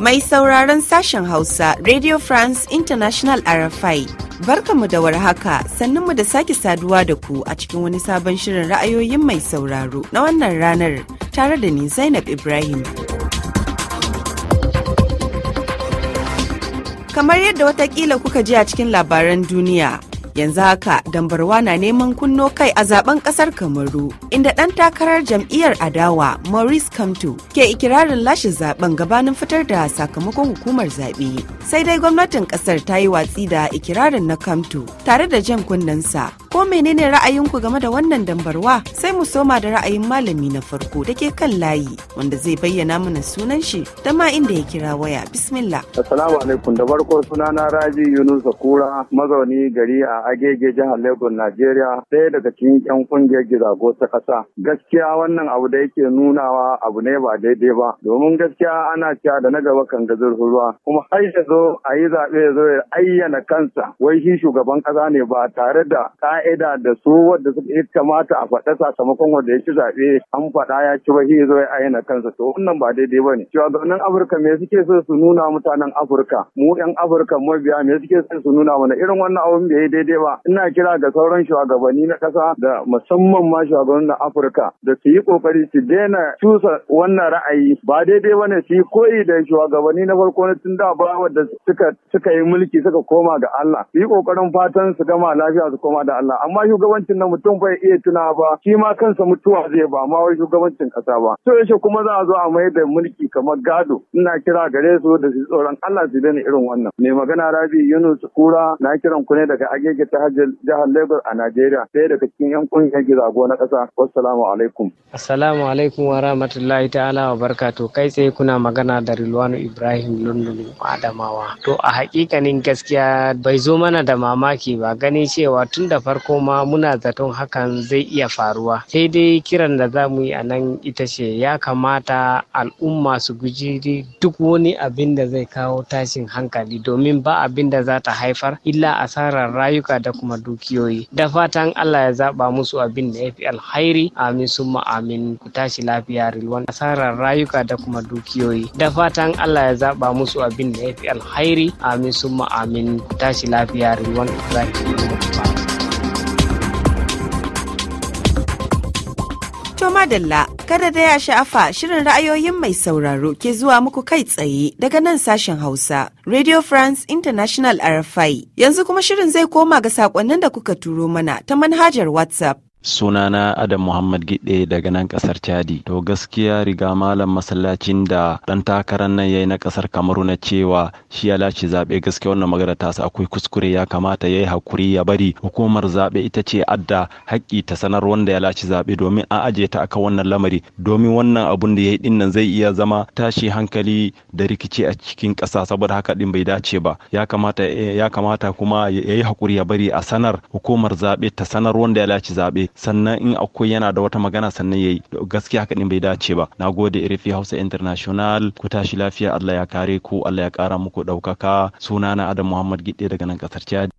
Mai sauraron sashen Hausa Radio France International RFI. Barkamu da warhaka mu da sake saduwa da ku a cikin wani sabon shirin ra'ayoyin mai sauraro na wannan ranar tare da ni Zainab Ibrahim. Kamar yadda watakila kuka ji a cikin labaran duniya, yanzu haka dambarwa na neman kunno kai a zaben kasar kamaru inda dan takarar jam'iyyar adawa maurice kamto ke ikirarin lashe zaben gabanin fitar da sakamakon hukumar zaɓe sai dai gwamnatin kasar ta yi watsi da ikirarin na kamto tare da jan kunnensa ko menene ra'ayinku game da wannan dambarwa sai mu soma da ra'ayin malami na farko da ke kan layi wanda zai bayyana mana sunan shi da ma inda ya kira waya bismillah assalamu alaikum da farko sunana raji yunus kura mazauni gari a agege jihar Lagos Najeriya ɗaya daga cikin yan kungiyar gizago ta ƙasa. Gaskiya wannan abu da yake nunawa abu ne ba daidai ba domin gaskiya ana cewa da na gaba kan gazar ruwa kuma har ya zo a yi zaɓe ya zo ayyana kansa wai shi shugaban ƙasa ne ba tare da ka'ida da su wadda suka yi kamata a faɗa sakamakon wanda ya ci zaɓe an faɗa ya ci ba shi zo ya ayyana kansa to wannan ba daidai ba ne. Shugabannin Afirka me suke so su nuna mutanen Afirka mu 'yan Afirka mabiya me suke so su nuna mana irin wannan abun bai daidai daidai ba ina kira ga sauran shugabanni na kasa da musamman ma shugabannin na Afirka da su yi kokari su daina cusa wannan ra'ayi ba daidai bane su yi koyi da shugabanni na farko na tun da ba wanda suka yi mulki suka koma ga Allah su yi kokarin fatan su gama lafiya su koma da Allah amma shugabancin na mutum bai iya tuna ba shi ma kansa mutuwa zai ba amma wai shugabancin ƙasa ba to yace kuma za a zo a mai da mulki kamar gado ina kira gare su da su tsoron Allah su daina irin wannan mai magana Rabi Yunus Kura na kiran ku ne daga Agege rage ta jihar Lagos a Najeriya sai daga cikin yan kungiyar gizago na ƙasa. Assalamu alaikum. Assalamu alaikum wa rahmatullahi ta'ala wa to kai tsaye kuna magana da Rilwanu Ibrahim Lundun Adamawa. To a hakikanin gaskiya bai zo mana da mamaki ba ganin cewa tun da farko ma muna zaton hakan zai iya faruwa. Sai dai kiran da za mu yi a nan ita ce ya kamata al'umma su guji duk wani abin da zai kawo tashin hankali domin ba abin da za ta haifar illa asarar rayuka dauka da kuma dukiyoyi da fatan Allah ya zaba musu abin da yafi alkhairi amin summa amin ku tashi lafiya rilwan asarar rayuka da kuma dukiyoyi da fatan Allah ya zaba musu abin da yafi alkhairi amin summa amin ku tashi lafiya rilwan zaki madalla kada da ya sha'afa shirin ra'ayoyin mai sauraro ke zuwa muku kai tsaye daga nan sashen Hausa, Radio France International RFI. Yanzu kuma shirin zai koma ga sakonnin da kuka turo mana ta manhajar WhatsApp. sunana adam muhammad gidde daga nan kasar chadi to gaskiya riga malam masallacin da dan takarar nan yayi na kasar kamaru na cewa shi ya lashe zabe gaskiya wannan magana ta akwai kuskure ya kamata yayi hakuri ya bari hukumar zabe ita ce adda haƙƙi ta sanar wanda ya lashe zabe domin an aje ta akan wannan lamari domin wannan abun da yayi din nan zai iya zama tashi hankali da rikici a cikin ƙasa saboda haka din bai dace ba ya kamata ya kamata kuma yayi hakuri ya bari a sanar hukumar zabe ta sanar wanda ya lashe zabe sannan in akwai yana da wata magana sannan ya yi gaskiya haka din bai dace ba na gode irifi Hausa International ku tashi lafiya Allah ya kare ku Allah ya kara muku daukaka sunana Adam Muhammad Gidde daga nan kasar Chad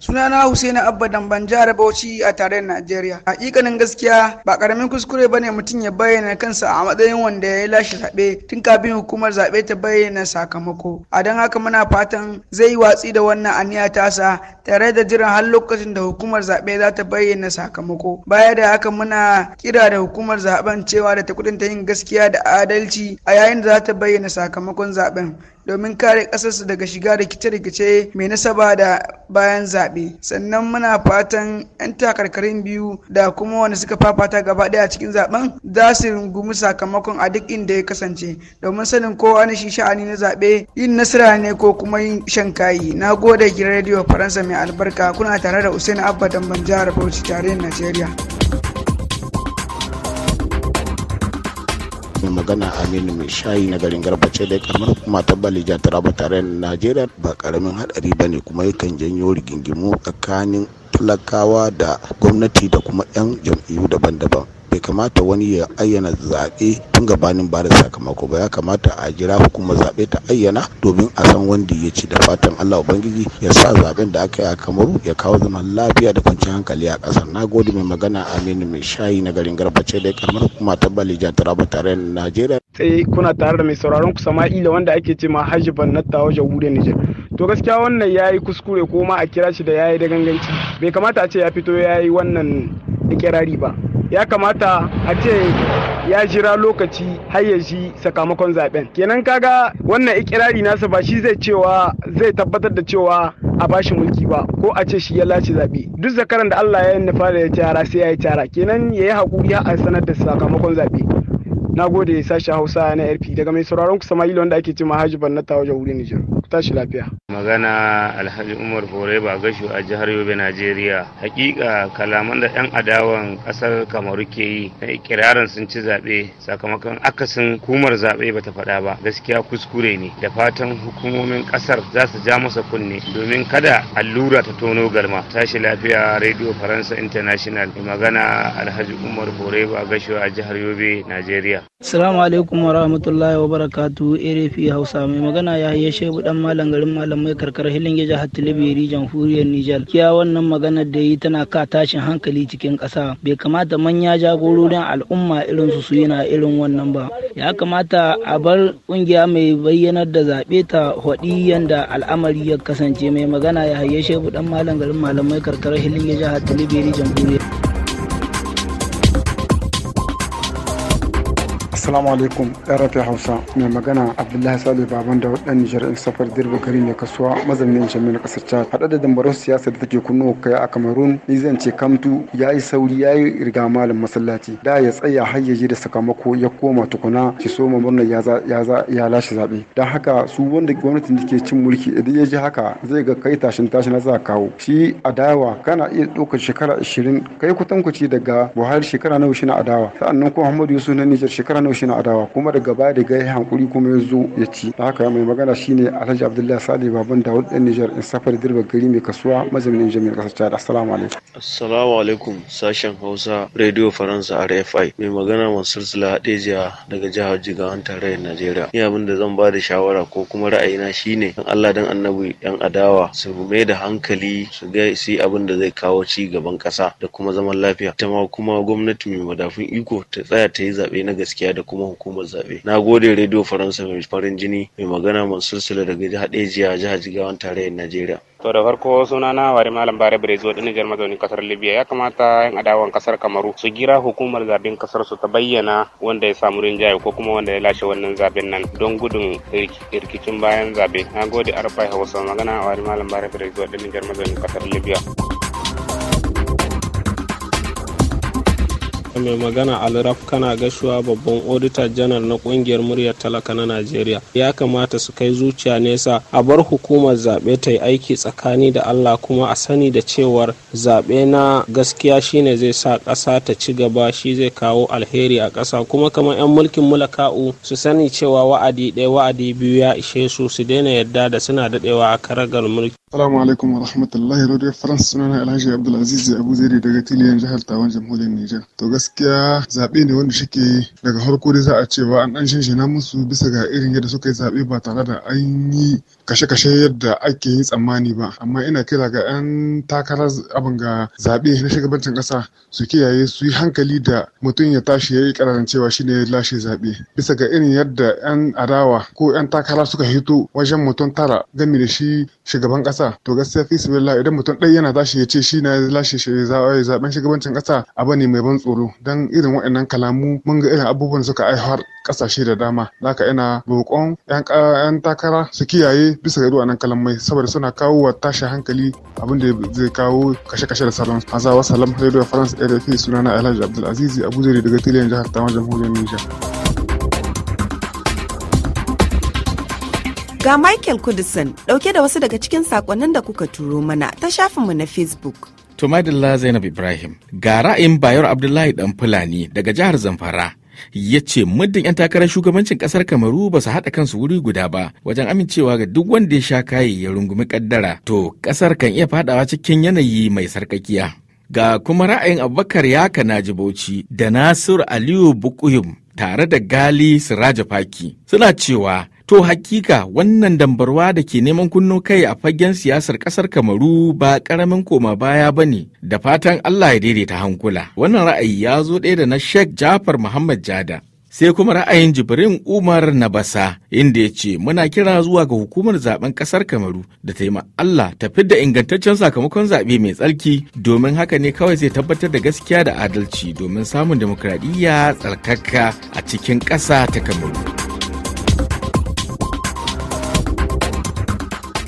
sunana Husaina Abba Damban jihar Bauchi a tarayyar Najeriya. Hakikanin gaskiya ba karamin kuskure bane mutum ya bayyana kansa a matsayin wanda ya yi lashe zaɓe tun kafin hukumar zaɓe ta bayyana sakamako. A don haka muna fatan zai yi watsi da wannan aniya tasa tare da jiran har lokacin da hukumar zaɓe za ta bayyana sakamako baya da haka muna kira da hukumar zaben cewa da ta ta yin gaskiya da adalci a yayin da za ta bayyana sakamakon zaben domin kare ƙasarsu daga shiga rikice-rikice mai nasaba da bayan zaɓe sannan muna fatan 'yan takarkarin biyu da kuma wanda suka fafata gaba ɗaya cikin zaɓen za su rungumi sakamakon a duk inda ya kasance domin sanin ko wani shi sha'ani na zaɓe yin nasara ne ko kuma yin shan kayi na gode ki radio faransa mai albarka kuna tare da Usain Abba Damban jihar Bauchi tarayyar Najeriya. mai magana aminu mai shayi na garin garbace da kamar kuma ta balija taraba tare da najeriya ba karamin hadari ba ne kuma yakan janyo rigingimu tsakanin talakawa da gwamnati da kuma 'yan jam'iyyu daban-daban bai kamata wani ya ayyana zaɓe tun gabanin ba da sakamako ba ya kamata a jira hukumar zaɓe ta ayyana domin a san wanda ya ci da fatan allah ubangiji ya sa zaɓen da aka yi a kamaru ya kawo zaman lafiya da kwanciyar hankali a ƙasar na gode mai magana aminu mai shayi na garin garbace da karamar hukuma ta balija taraba tare da najeriya. sai kuna tare da mai sauraron ku sama'ila wanda ake ce ma hajji bannatta wajen wuri nijar to gaskiya wannan ya yi kuskure ko ma a kira shi da ya yi da ganganci bai kamata a ce ya fito ya yi wannan da kirari ba ya kamata a ce ya jira lokaci har ya ji sakamakon zaben kenan kaga wannan ikirari nasa ba shi zai cewa zai tabbatar da cewa a bashi mulki ba ko a ce shi ya lace zaɓe duk zakaran da Allah ya na fara ya tara sai ya yi tara kenan ya yi hakuri a sanar da sakamakon zaɓe na gode sashi hausa na rp daga mai sauraron ku ilon wanda ake cima haji bannata wajen wuri nijar ku tashi lafiya magana alhaji umar bore ba gashu a jihar yobe najeriya hakika kalaman da yan adawan kasar kamaru ke yi na ikirarin sun ci zaɓe sakamakon akasin kumar zaɓe bata faɗa ba gaskiya kuskure ne da fatan hukumomin kasar za su ja masa kunne domin kada allura ta tono galma tashi lafiya radio faransa international magana alhaji umar bore ba gashu a jihar yobe najeriya lafiya. Assalamu alaikum wa rahmatullahi wa barakatu RFI Hausa mai magana ya yi shebu dan malam garin malamai karkar hilin gija Hattilibi Rijan Furiyar Nijar. Kiya wannan maganar da yi tana ka tashin hankali cikin ƙasa. Bai kamata manya jagororin al'umma irin su su yana irin wannan ba. Ya kamata a bar kungiya mai bayyanar da zaɓe ta hwaɗi yanda al'amari ya kasance mai magana ya yi shebu dan malam garin malamai karkar hilin gija Hattilibi Rijan Furiyar. assalamu alaikum yan hausa mai magana abdullahi sale baban da wadan nijar in safar dirba gari ne kasuwa mazaunin jami'in kasar chad hada da dambarun siyasa da take kunu kai a cameroon ni zan ce kamtu ya yi sauri ya yi riga malam masallaci da ya tsaya har je da sakamako ya koma tukuna shi so ma murna ya lashe zaɓe dan haka su wanda gwamnatin da ke cin mulki idan ya ji haka zai ga kai tashin tashin za kawo shi adawa kana iya ɗaukar shekara ashirin kai kutankuci daga buhari shekara nawa shi na adawa sa'annan ko muhammadu yusuf na nijar shekara mu shi na adawa kuma daga baya daga ya hankuri kuma ya zo ya ci da haka mai magana shine alhaji abdullahi sale baban dawud dan nijar in safar dirba gari mai kasuwa mazaunin jami'ar kasar chad assalamu alaikum assalamu alaikum sashen hausa radio faransa rfi mai magana mansur sula hadejiya daga jihar jigawan tarayyar najeriya ni abin da zan ba da shawara ko kuma ra'ayina shine dan allah dan annabi yan adawa su mai da hankali su ga su abin da zai kawo ci gaban kasa da kuma zaman lafiya ita ma kuma gwamnati mai madafun iko ta tsaya ta yi zaɓe na gaskiya da da kuma hukumar zaɓe. Na gode Radio Faransa mai farin jini mai magana mai sulsula daga haɗejiya jihar Jigawan tarayyar Najeriya. to da farko suna na wari malam bare brezo din nijar mazaunin kasar libya ya kamata yan adawan kasar kamaru su gira hukumar zaben kasar su ta bayyana wanda ya samu rinjaye ko kuma wanda ya lashe wannan zaben nan don gudun rikicin bayan zabe na gode arfai hausa magana wari malam bare brezo din nijar mazaunin kasar libya mai magana alraf kana gashuwa babban odita janar na kungiyar muryar talaka na najeriya ya kamata su kai zuciya nesa a bar hukumar zaɓe ta yi aiki tsakani da allah kuma a sani da cewar zaɓe na gaskiya shine zai sa ƙasa ta ci gaba shi zai kawo alheri a ƙasa kuma kamar 'yan mulkin mulaka'u su sani cewa wa'adi ɗaya wa'adi biyu ya ishe su su daina yadda da suna daɗewa a karagar mulki Salamu alaikum wa rahmatullahi Radio France sunana Alhaji Abdulaziz Abu Zaidi daga Tiliyan jihar Tawan Jamhuriyar Nijar. To gaskiya zaɓe ne wanda shike daga harko dai za a cewa an ɗan shinshina musu bisa ga irin yadda suka yi zaɓe ba tare da an yi kashe-kashe yadda ake yi tsammani ba. Amma ina kira ga 'yan takarar abin ga zaɓe na shugabancin ƙasa su kiyaye su yi hankali da mutum ya tashi ya yi ƙararin cewa shi ne lashe zaɓe. Bisa ga irin yadda 'yan adawa ko 'yan takara suka hito wajen mutum tara gami da shi shugaban ƙasa kasa to gaskiya fi sabilillah idan mutum ɗaya yana tashi ya ce shi na lashe zaben shugabancin kasa abu ne mai ban tsoro don irin waɗannan kalamu mun ga irin abubuwan suka aihar ƙasashe da dama haka ina roƙon yan takara su kiyaye bisa ga irin kalamai saboda suna kawo wa tashin hankali abin da zai kawo kashe-kashe da salon hazawa salam radio france rfi sunana alhaji abdulaziz abu daga tiliyan jihar tawon jamhuriyar nijar Ga Michael Kudison ɗauke da wasu daga cikin sakonnin da kuka turo mana ta shafinmu na Facebook. To Zainab Ibrahim, ga ra'ayin Bayar Abdullahi Dan Fulani daga jihar Zamfara. ya ce muddin 'yan takarar shugabancin kasar kamaru ba su haɗa kansu wuri guda ba wajen amincewa ga duk wanda ya sha kayi ya rungumi kaddara to kasar kan iya fadawa cikin yanayi mai sarkakiya ga kuma ra'ayin abubakar yaka naji bauchi da nasiru aliyu bukuyum tare da gali siraja faki suna cewa To hakika wannan dambarwa da ke neman kunno kai a fagen siyasar kasar Kamaru ba karamin koma baya ba ne da fatan Allah ya daidaita hankula. Wannan ra'ayi ya zo ɗaya da na Sheikh Jafar Muhammad Jada. Sai kuma ra'ayin Jibrin Umar Nabasa inda ya ce muna kira zuwa ga hukumar zaben kasar Kamaru da ta yi Allah ta fidda ingantaccen sakamakon zaɓe mai tsarki domin haka ne kawai zai tabbatar da gaskiya da adalci domin samun demokradiyya tsarkaka a cikin ƙasa ta Kamaru.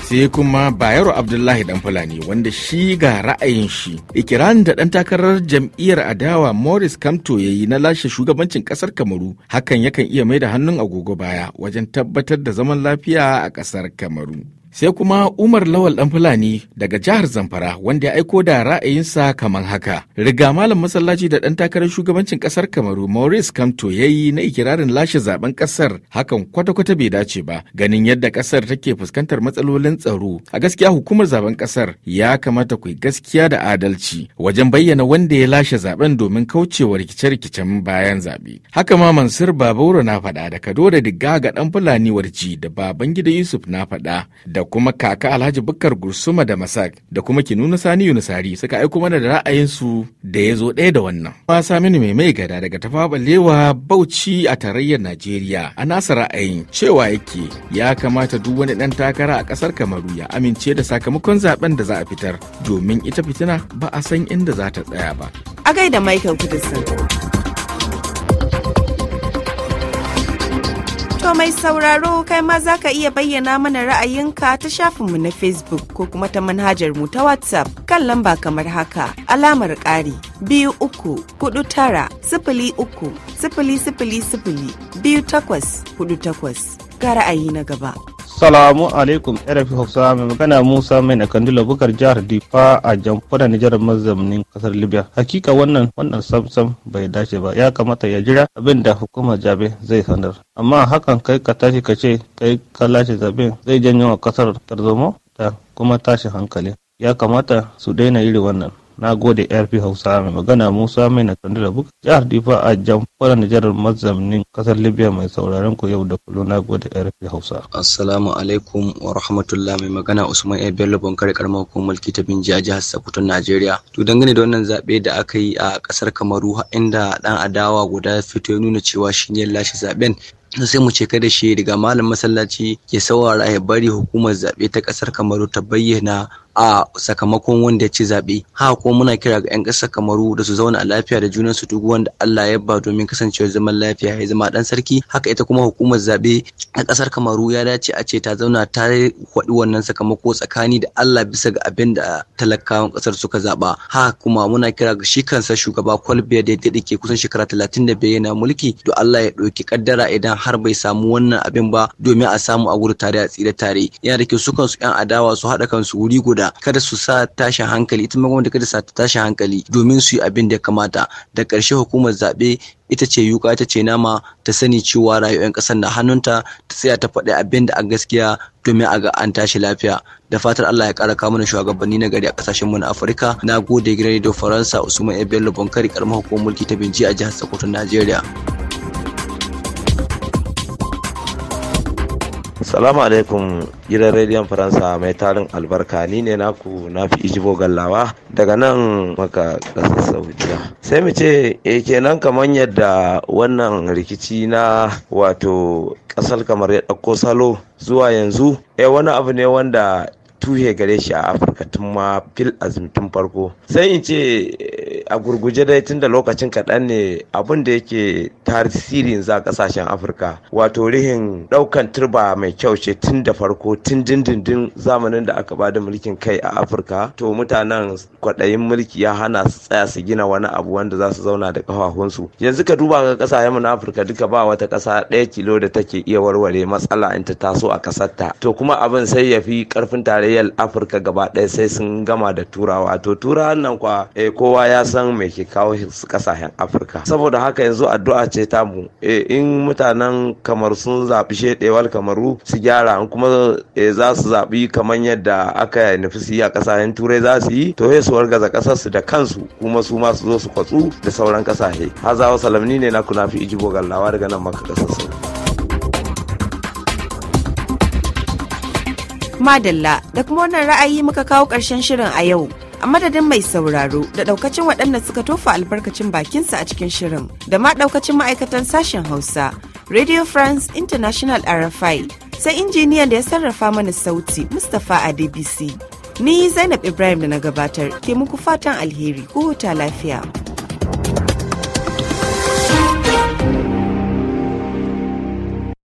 sai kuma bayero abdullahi dan fulani wanda shi ga ra'ayin shi ikirarin da dan takarar jam'iyyar adawa morris kamto ya yi na lashe shugabancin kasar kamaru hakan yakan iya mai da hannun agogo baya wajen tabbatar da zaman lafiya a kasar kamaru sai kuma umar lawal dan fulani daga jihar zamfara wanda ya aiko da ra'ayinsa kamar haka riga malam masallaci da dan takarar shugabancin kasar kamaru maurice kamto ya yi na ikirarin lashe zaben kasar hakan kwata-kwata bai dace ba ganin yadda kasar take fuskantar matsalolin tsaro a gaskiya hukumar zaben kasar ya kamata ku gaskiya da adalci wajen bayyana wanda ya lashe zaben domin kaucewa rikice-rikicen bayan zabe haka ma mansur babauro na faɗa da kado da diga ga dan fulani warji da baban gida yusuf na faɗa da kuma kaka Alhaji Bukkar Gursuma da Masak da kuma kinuna Sani Yunusari suka aiko mana da ra'ayinsu da ya zo ɗaya da wannan. Ma Saminu mai mai gada daga tafabalewa Bauchi a tarayyar Najeriya a nasa ra'ayin cewa yake ya kamata duk wani ɗan takara a ƙasar Kamaru ya amince da sakamakon zaben da za a fitar domin ita fitina ba a san inda za ta tsaya ba. A gaida Michael Kudisin. To mai sauraro kai ma za ka iya bayyana mana ra'ayinka ta shafinmu na Facebook ko kuma ta manhajar mu ta WhatsApp kan lamba kamar haka alamar ƙari biyu uku hudu tara sifili uku sifili sifili sifili biyu takwas hudu takwas ga ra'ayi na gaba. Salamu alaikum RFI Hausa mai magana Musa mai na Kandila Bukar jihar Difa a jamfuna Nijar mazamnin kasar Libya. Hakika wannan wannan samsam bai dace ba ya kamata ya jira abin da hukumar jabe zai sanar. Amma hakan kai ka tashi ka ce kai ka lashe zaben zai janyo wa kasar tarzoma da kuma tashi hankali. Ya kamata su daina iri wannan. na gode rp hausa mai magana musa mai na da buga jihar difa a jamhuriyar nijar mazamnin kasar libya mai sauraron ku yau da kullu na gode rp hausa assalamu alaikum wa rahmatullah mai magana usman a bello bankar karamar hukumar mulki ta binji a jihar sokoto najeriya to dangane da wannan zaɓe da aka yi a kasar kamaru inda dan adawa guda fito ya nuna cewa shi ne lashe zaɓen sai mu ce kada shi daga malam masallaci ya saurara ya bari hukumar zaɓe ta ƙasar kamaru ta bayyana a sakamakon wanda ya ci zaɓe ha kuma muna kira ga 'yan ƙasa kamaru da su zauna a lafiya da junan su duk wanda Allah ya ba domin kasancewar zaman lafiya ya zama dan sarki haka ita kuma hukumar zaɓe a ƙasar kamaru ya dace a ce ta zauna ta kwaɗi wannan sakamako tsakani da Allah bisa ga abin da talakawan ƙasar suka zaɓa ha kuma muna kira ga shi kansa shugaba kwalbiya da ya daɗe ke kusan shekara talatin da yana mulki to Allah ya ɗauki kaddara idan har bai samu wannan abin ba domin a samu a gudu tare a tsira tare yana da kyau su kansu 'yan adawa su haɗa kansu wuri guda kada su sa tashin hankali ita ma gwamnati kada sa tashin hankali domin su yi abin da ya kamata da ƙarshe hukumar zaɓe ita ce yuka ita ce nama ta sani cewa rayuwar ƙasar na hannunta ta tsaya ta faɗi abin da a gaskiya domin a ga an tashi lafiya da fatar Allah ya ƙara kawo mana shugabanni na gari a ƙasashen mu na Afirka na gode gidan Radio Faransa Usman Ebello Bonkari karamar hukumar mulki ta binci a jihar Sokoto Najeriya. Salamu alaikum gidan rediyon Faransa mai tarin albarka ni ne naku na fi ijibo gallawa daga nan maka kasar Saudiya. Sai mu ce e kenan kamar yadda wannan rikici na wato ƙasar kamar ya ɗauko salo zuwa yanzu e wani abu ne wanda tuhe gare shi a afirka tun ma fil azumtun farko sai in ce a gurguje dai tun da lokacin kaɗan ne abin da yake tasirin za ƙasashen afirka wato rihin ɗaukan turba mai kyau ce tun da farko tun dindindin zamanin da aka bada mulkin kai a afirka to mutanen kwaɗayin mulki ya hana su tsaya su gina wani abu wanda za su zauna da ƙafafunsu yanzu ka duba ga ƙasashen na afirka duka ba wata ƙasa ɗaya kilo da take iya warware matsala in ta taso a ƙasarta to kuma abin sai ya fi ƙarfin tarayyar afirka gaba ɗaya sai sun gama da turawa to turawan nan kwa eh, kowa ya san nan mai ke kawo su kasashen afirka saboda haka yanzu addu'a ce ta mu eh, in mutanen kamar sun zaɓi shedewar kamaru su gyara kuma eh, za su zaɓi kamar yadda aka nufi su yi a kasashen turai za su yi to su wargaza kasar su da kansu kuma su ma su zo su kwatsu da sauran kasashe hazawa salamni ne na kunafi ijibo gallawa daga nan maka kasar su madalla da kuma wannan ra'ayi muka kawo ƙarshen shirin a yau a madadin mai sauraro da daukacin waɗanda suka tofa albarkacin bakinsa a cikin shirin da ma daukacin ma'aikatan sashen Hausa, Radio France International RFI, sai injiniyan da ya sarrafa mana sauti Mustapha Adebisi. Ni Zainab Ibrahim da na gabatar ke muku fatan alheri ko huta lafiya.